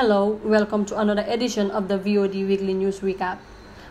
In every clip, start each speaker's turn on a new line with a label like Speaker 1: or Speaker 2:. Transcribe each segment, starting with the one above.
Speaker 1: Hello, welcome to another edition of the VOD Weekly News Recap.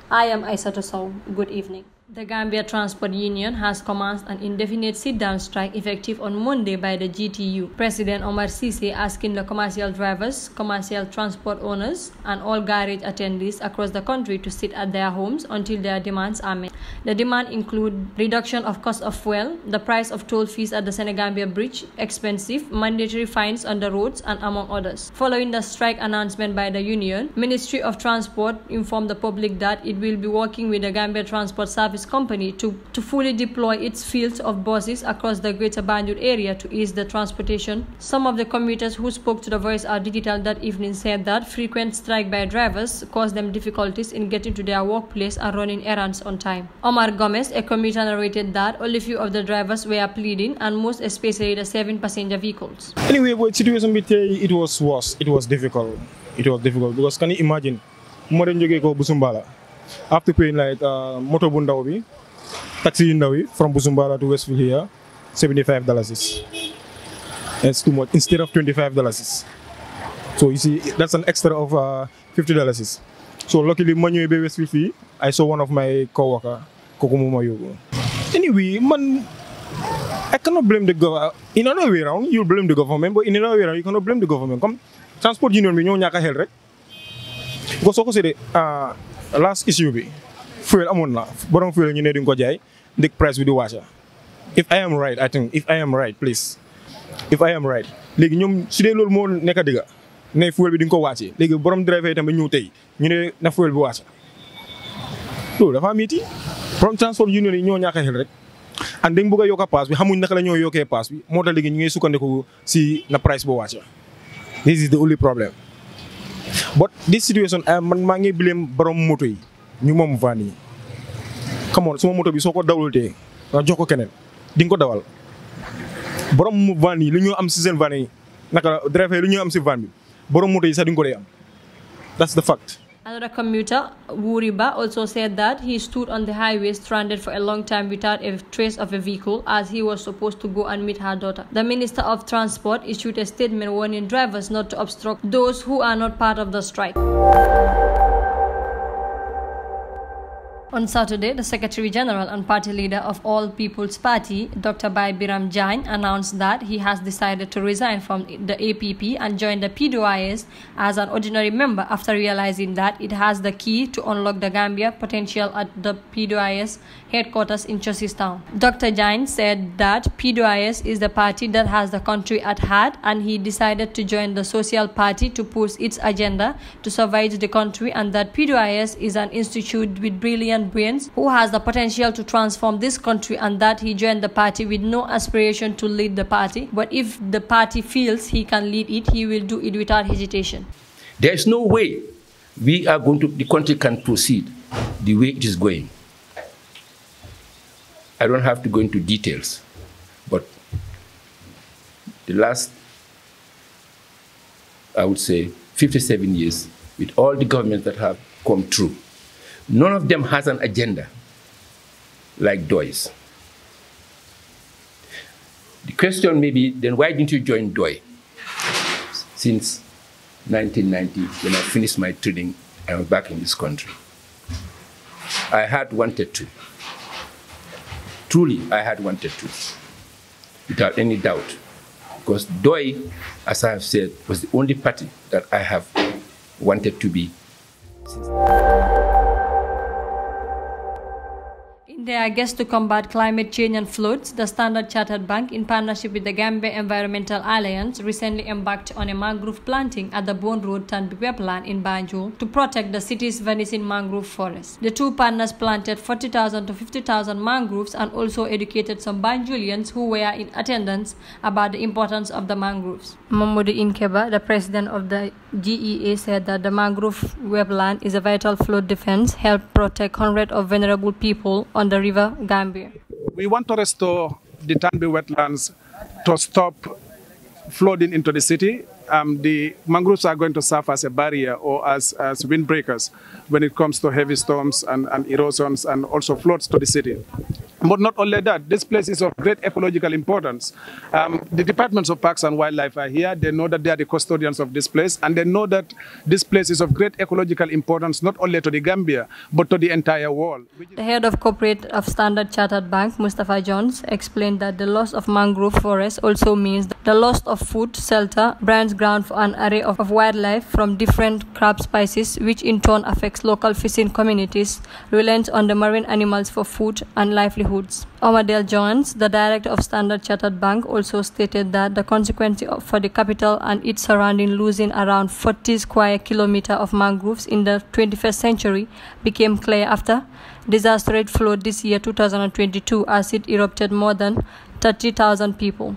Speaker 1: I am Isata Sow. Good evening. The Gambia Transport Union has commenced an indefinite sit-down strike effective on Monday by the GTU. President Omar Sisi asking the commercial drivers, commercial transport owners, and all garage attendees across the country to sit at their homes until their demands are met. The demand include reduction of cost of fuel, the price of toll fees at the Senegambia Bridge, expensive, mandatory fines on the roads, and among others. Following the strike announcement by the union, Ministry of Transport informed the public that it will be working with the Gambia Transport Service company to, to fully deploy its fields of buses across the greater Banjul area to ease the transportation. Some of the commuters who spoke to the Voice are Digital that evening said that frequent strike by drivers caused them difficulties in getting to their workplace and running errands on time. Omar Gomez, a commuter, narrated that only few of the drivers were pleading and most especially the seven passenger vehicles.
Speaker 2: Anyway, with situation with it was worse. It was difficult. It was difficult because can you imagine? More than you go Busumbala. after paying like uh, moto bunda ndaw taxi in from Busumbara to Westfield here 75 dollars is. it's too much instead of 25 dollars so you see that's an extra of uh, 50 dollars so luckily when you ba Westfield fii I saw one of my coworker kooku mu ma anyway man I cannot blame the government. In another way around, you blame the government, but in another way around, you cannot blame the government. Come, transport union nyaka ñoo ñaka xel rek. Ko soko sédé ah, last issue bi fuel amoon na borom fuel ñu ne duñ ko jaay ndik price bi di wàcc if I am right I think if I am right please if I am right léegi ñoom su dee loolu moo nekk dëgg ne fuel bi di ko wàcce léegi borom driver yi tamit ñëw tey ñu ne na fuel bi wàcc loolu dafa miiti borom transport union yi ñoo ñàkk xel rek and dañ bëgg a yokk a paas bi xamuñ naka la ñoo yokkee paas bi moo tax léegi ñu ngi sukkandiku si na price boo wàcc this is di this situation eh, man maa ngi blame borom moto yi ñu moom van yi come on suma moto bi soo ko dawlutee nga jox ko keneen di nga ko dawal borom van yi lu ñu am si seen van yi naka la driver yi lu ñu am si van bi borom moto yi sax di nga ko dee am
Speaker 1: that's the fact. Another commuter, Wuriba, also said that he stood on the highway stranded for a long time without a trace of a vehicle as he was supposed to go and meet her daughter. The Minister of Transport issued a statement warning drivers not to obstruct those who are not part of the strike. On Saturday, the Secretary General and party leader of All People's Party, Dr. Bai Biram Jain, announced that he has decided to resign from the APP and join the PDIS as an ordinary member after realizing that it has the key to unlock the Gambia potential at the PDIS headquarters in Town. Dr. Jain said that PDIS is the party that has the country at heart and he decided to join the Social Party to push its agenda to survive the country and that PDIS is an institute with brilliant who has the potential to transform this country and that he joined the party with no aspiration to lead the party. But if the party feels he can lead it, he will do it without hesitation.
Speaker 3: There is no way we are going to, the country can proceed the way it is going. I don't have to go into details, but the last, I would say, 57 years with all the governments that have come through. None of them has an agenda like DOI's. The question may be, then why didn't you join DOI since 1990 when I finished my training I was back in this country? I had wanted to. Truly, I had wanted to, without any doubt. Because DOI, as I have said, was the only party that I have wanted to be.
Speaker 1: their guess to combat climate change and floods, the Standard Chartered Bank, in partnership with the Gambia Environmental Alliance, recently embarked on a mangrove planting at the Bone Road Tanbik Plant in Banjul to protect the city's venison mangrove forest. The two partners planted 40,000 to 50,000 mangroves and also educated some Banjulians who were in attendance about the importance of the mangroves. Mamoudou Inkeba, the president of the GEA, said that the mangrove wetland is a vital flood defense, help protect hundreds of vulnerable people on the river Gambia.
Speaker 2: We want to restore the Tambi wetlands to stop flooding into the city. Um, the mangroves are going to serve as a barrier or as, as windbreakers when it comes to heavy storms and, and erosions and also floods to the city. But not only that, this place is of great ecological importance. Um, the departments of parks and wildlife are here. They know that they are the custodians of this place, and they know that this place is of great ecological importance not only to the Gambia, but to the entire world.
Speaker 1: The head of corporate of Standard Chartered Bank, Mustafa Jones, explained that the loss of mangrove forests also means the loss of food, shelter, brands ground for an array of, of wildlife from different crab species, which in turn affects local fishing communities, reliant on the marine animals for food and livelihood livelihoods. Jones, the director of Standard Chartered Bank, also stated that the consequence for the capital and its surrounding losing around 40 square kilometers of mangroves in the 21st century became clear after disastrous flood this year 2022 as it erupted more than 30,000 people.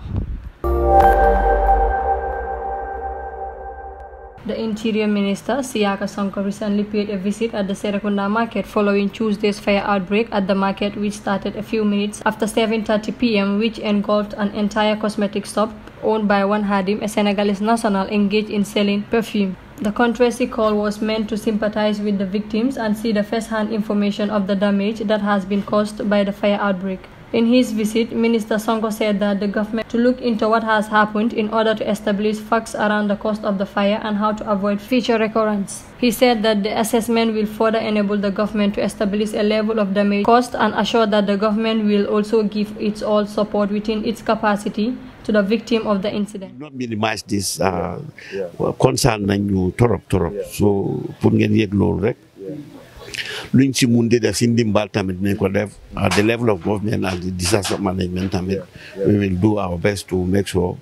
Speaker 1: The Interior Minister, Siaka Sonko, recently paid a visit at the Serekunda market following Tuesday's fire outbreak at the market which started a few minutes after 7.30 p.m. which engulfed an entire cosmetic shop owned by one Hadim, a Senegalese national engaged in selling perfume. The courtesy call was meant to sympathize with the victims and see the first-hand information of the damage that has been caused by the fire outbreak. In his visit, Minister Sonko said that the government to look into what has happened in order to establish facts around the cause of the fire and how to avoid future recurrence. He said that the assessment will further enable the government to establish a level of damage caused and assure that the government will also give its all support within its capacity to the victim of the incident. Not
Speaker 3: minimize this uh, yeah. Yeah. torop torop. Yeah. So put ngeen your lool luñ ci mun di def si ndimbal tamit dinañ ko def at uh, the level of government and the disaster management tamit we will do our best to make sure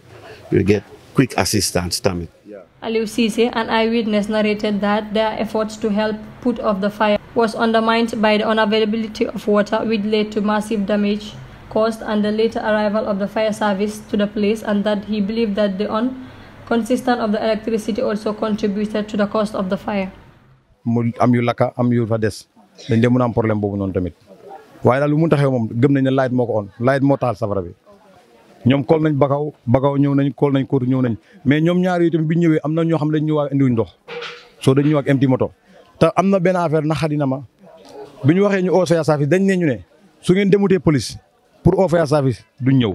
Speaker 3: we get quick assistance tamit
Speaker 1: Aliou Cisse, an eyewitness, narrated that their efforts to help put off the fire was undermined by the unavailability of water, which led to massive damage caused and the later arrival of the fire service to the place, and that he believed that the inconsistency of the electricity also contributed to the cost of the fire.
Speaker 2: am yu lakka am yu fa dañ dee mun a am problème boobu noonu tamit waaye daal lu mun taxee moom gëm nañ ne laayit moo ko on laayit moo taal safara bi ñoom kool nañ bakaw bakaw ñëw nañ kool nañ kóotu ñëw nañ mais ñoom ñaari yi tamit bi ñëwee am na ñoo xam ne dañ ñëwaat indiwuñ ndox soo dañ ñëwaat MT moto te am na benn affaire naxadi na ma bu ñu waxee ñu oo a Safi dañ ne ñu ne su ngeen demutee police pour oo Oya Safi duñ ñëw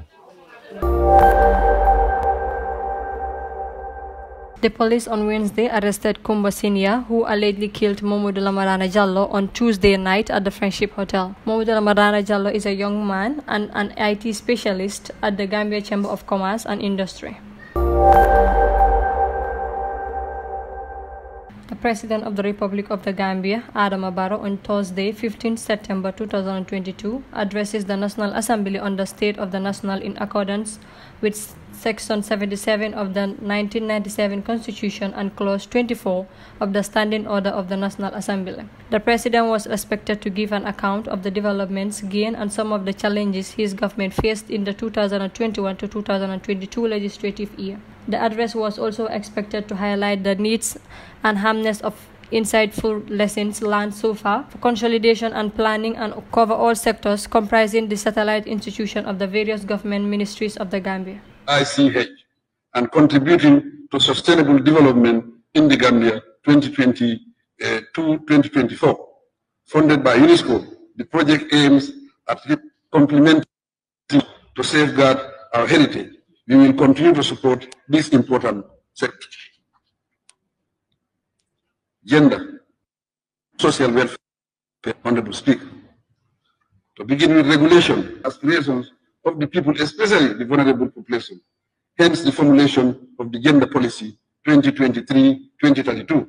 Speaker 1: The police on Wednesday arrested Kumba Senior, who allegedly killed Momodu Lamarana Jallo on Tuesday night at the Friendship Hotel. Momodu Lamarana Jallo is a young man and an IT specialist at the Gambia Chamber of Commerce and Industry. President of the Republic of the Gambia, Adama Barrow, on Thursday, 15 September 2022, addresses the National Assembly on the state of the national in accordance with Section 77 of the 1997 Constitution and Clause 24 of the Standing Order of the National Assembly. The President was expected to give an account of the developments gained and some of the challenges his government faced in the 2021 to 2022 legislative year. The address was also expected to highlight the needs and harmness of insightful lessons learned so far for consolidation and planning and cover all sectors comprising the satellite institution of the various government ministries of the Gambia.
Speaker 3: ICH and contributing to sustainable development in the Gambia 2020 uh, eh, to 2024. Funded by UNESCO, the project aims at complementing to safeguard our heritage we will continue to support this important sector. Gender, social welfare, Honorable Speaker. To begin with regulation, aspirations of the people, especially the vulnerable population, hence the formulation of the Gender Policy 2023-2032.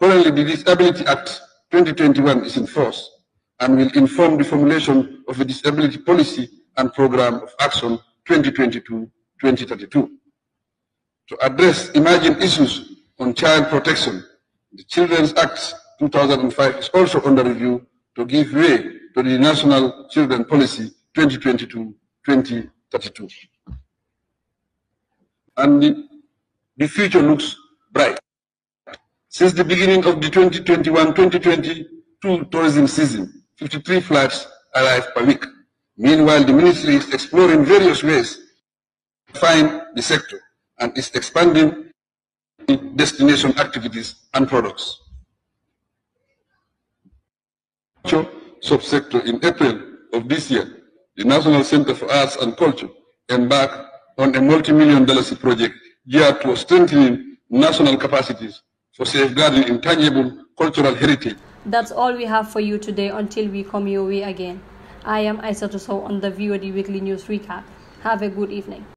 Speaker 3: Currently, the Disability Act 2021 is in force and will inform the formulation of a disability policy and program of action 2022 2032 to address emerging issues on child protection. The Children's Act 2005 is also under review to give way to the National Children Policy 2022-2032. And the, future looks bright. Since the beginning of the 2021-2022 tourism season, 53 flights arrive per week. Meanwhile, the ministry is exploring various ways define the sector and is expanding destination activities and products. Subsector in April of this year, the National Center for Arts and Culture embarked on a multi-million dollar project geared towards strengthening national capacities for safeguarding intangible cultural heritage.
Speaker 1: That's all we have for you today until we come your way again. I am Aisatu on the VOD Weekly News Recap. Have a good evening.